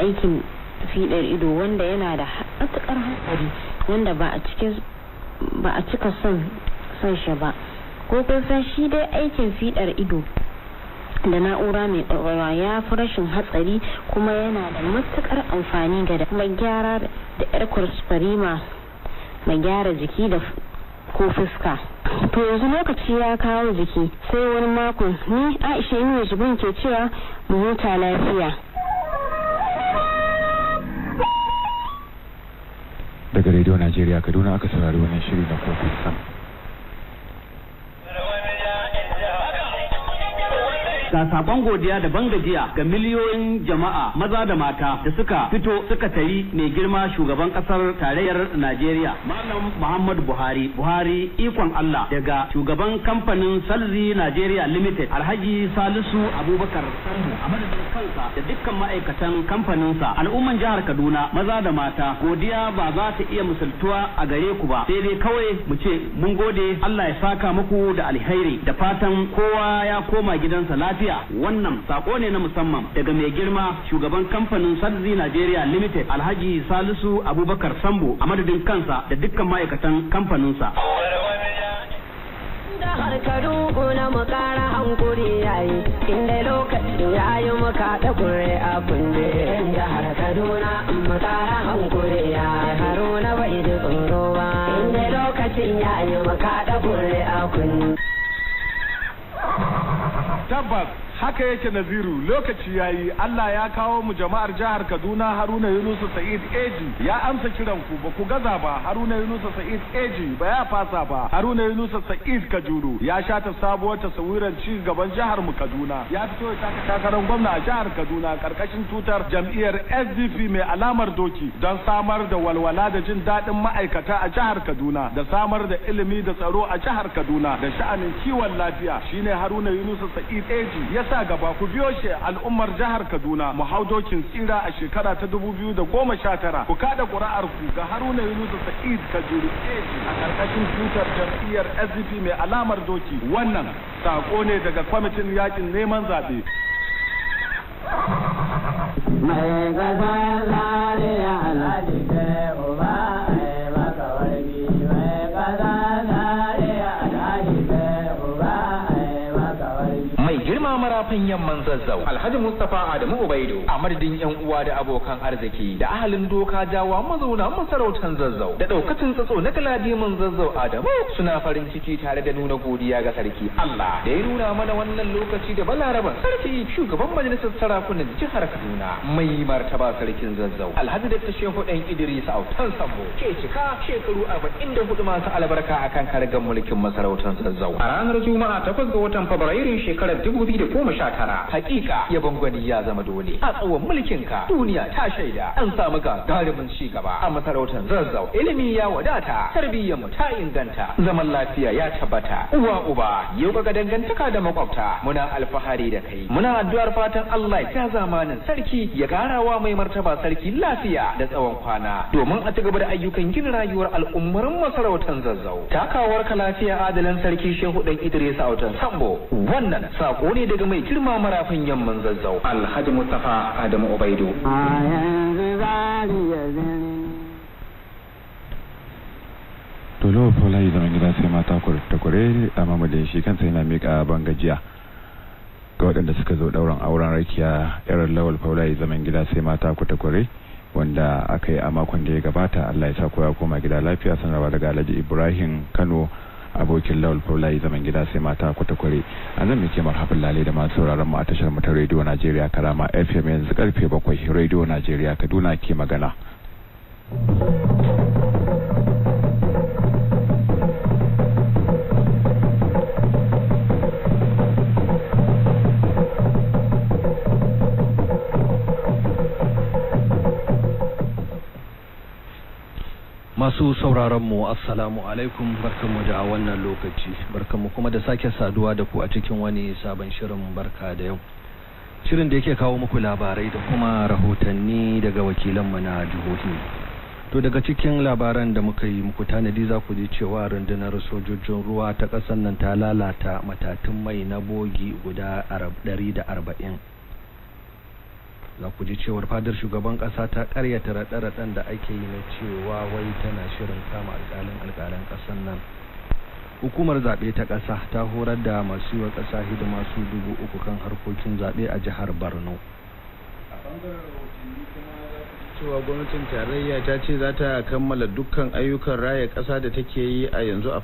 aikin fiɗar ido wanda yana da matuƙar hatsari wanda ba a cika son son shi ba ko san shi dai aikin fiɗar ido da na'ura mai ɗaurawa ya fi rashin hatsari kuma yana da matuƙar amfani ga da gyara da yar kwaspari mai gyara jiki da ko fuska to yanzu lokaci ya kawo jiki sai wani makon ni aisha yi zubin ke cewa mu huta lafiya daga Radio Nigeria Kaduna aka saurari wannan shiri na Kofi Ga sakon godiya da bangajiya ga miliyoyin jama'a maza da mata da suka fito suka tayi mai girma shugaban kasar tarayyar Najeriya Malam Muhammadu Buhari Buhari ikon Allah daga shugaban kamfanin Salzi Najeriya Limited Alhaji Salisu Abubakar Sambu a madadin kansa da dukkan ma'aikatan kamfaninsa al'umman jihar Kaduna maza da mata godiya ba za ta iya misaltuwa a gare ku ba sai dai kawai mu ce mun gode Allah ya saka muku da alheri da fatan kowa ya koma gidansa lafiya lafiya wannan sako ne na musamman daga mai girma shugaban kamfanin Sadzi Nigeria Limited Alhaji Salisu Abubakar Sambo a madadin kansa da dukkan ma'aikatan kamfaninsa. sa. har harkaru mu kara hankuri yayi inda lokacin yayi kaɗa kure a kunne da harkaru na mu kara hankuri haruna bai ji tsoro ba inda lokacin yayi mu kaɗa kure a kunne Dumbuck. haka yake naziru lokaci ya yi Allah ya kawo mu jama'ar jihar Kaduna Haruna Yunus Sa'id Eji ya amsa kiran ku ba ku gaza ba Haruna Yunus Sa'id Eji ba ya fasa ba Haruna Yunus Sa'id Kajuru ya sha ta sabuwar tasawiran ci gaban jihar mu Kaduna ya fito ya taka takarar gwamna a jihar Kaduna karkashin tutar jam'iyyar SDP mai alamar doki don samar da walwala da jin daɗin ma'aikata a jihar Kaduna da samar da ilimi da tsaro a jihar Kaduna da sha'anin kiwon lafiya shine Haruna Yunus Sa'id Eji ya sa gaba ku biyo shi al'ummar jihar Kaduna mu hau dokin tsira a shekara ta 2019 ku kada ƙuri'ar ku ga Haruna Yunus Sa'id Kajuru a ƙarƙashin tutar jam'iyyar SDP mai alamar doki wannan sako ne daga kwamitin yakin neman zaɓe. Mai gaba girma marafin yamman zazzau alhaji mustapha adamu ubaido a madadin yan uwa da abokan arziki da ahalin doka jawa mazauna masarautar zazzau da ɗaukacin tsatso na kaladiman zazzau adamu suna farin ciki tare da nuna godiya ga sarki allah da ya nuna mana wannan lokaci da balaraban sarki shugaban majalisar sarakunan jihar kaduna mai martaba sarkin zazzau alhaji da shehu dan idris autan sambo ke cika shekaru arba'in da hudu masu albarka akan kargan mulkin masarautar zazzau a ranar juma'a takwas ga watan fabrairu shekarar dubu tara. hakika ya bangwani ya zama dole a tsawon mulkin ka duniya ta shaida an samu ga galibin ci gaba a masarautar zazzau ilimi ya wadata tarbiyyar mu ta inganta zaman lafiya ya tabbata uwa uba yau ga dangantaka da makwabta muna alfahari da kai muna addu'ar fatan Allah ya zamanin sarki ya wa mai martaba sarki lafiya da tsawon kwana domin a ci gaba da ayyukan gina rayuwar al'ummar masarautar zazzau takawar ka lafiya adalin sarki shehu dan Idris Autan Sambo wannan sako Ko ne daga mai girma marafin yamman zazzau alhaji mustapha adamu ubaidu to lawa fola yi zaman gida sai mata kware a mamadin shi kan kansa yana miƙa bangajiya ga waɗanda suka zo ɗauran auren rakiya irin lawal faula zaman gida sai mata kware wanda aka yi a makon da ya gabata allah ya sa koya koma gida lafiya sun raba daga alhaji ibrahim kano abokin lawal faulayi zaman gida sai mata kwatakware a zan kemar hafin lale da masu sauraron mu a tashar mutar ta rediyo najeriya karama fm yanzu karfe bakwai rediyo najeriya kaduna ke magana Masu sauraron mu Assalamu alaikum barkanmu da wannan lokaci barkanmu kuma da sake saduwa da ku a cikin wani sabon shirin barka da yau. Shirin da yake kawo muku labarai da kuma rahotanni daga wakilanmu na jihohi. To daga cikin labaran da muka yi muku tanadi za ku ji cewa rundunar sojojin ruwa ta ƙasar nan ta lalata matatun mai na bogi guda ɗari da arba'in. za ku ji cewar fadar shugaban kasa ta karyata raɗe-raɗen da ake yi na cewa wai tana shirin kama alkalin alkalin ƙasar nan hukumar zaɓe ta ƙasa ta horar da masu yi wa ƙasa hidima su dubu uku kan harkokin zaɓe a jihar borno a kuma cewa gwamnatin tarayya ta ce za ta kammala dukkan ayyukan raya ƙasa da take yi a yanzu a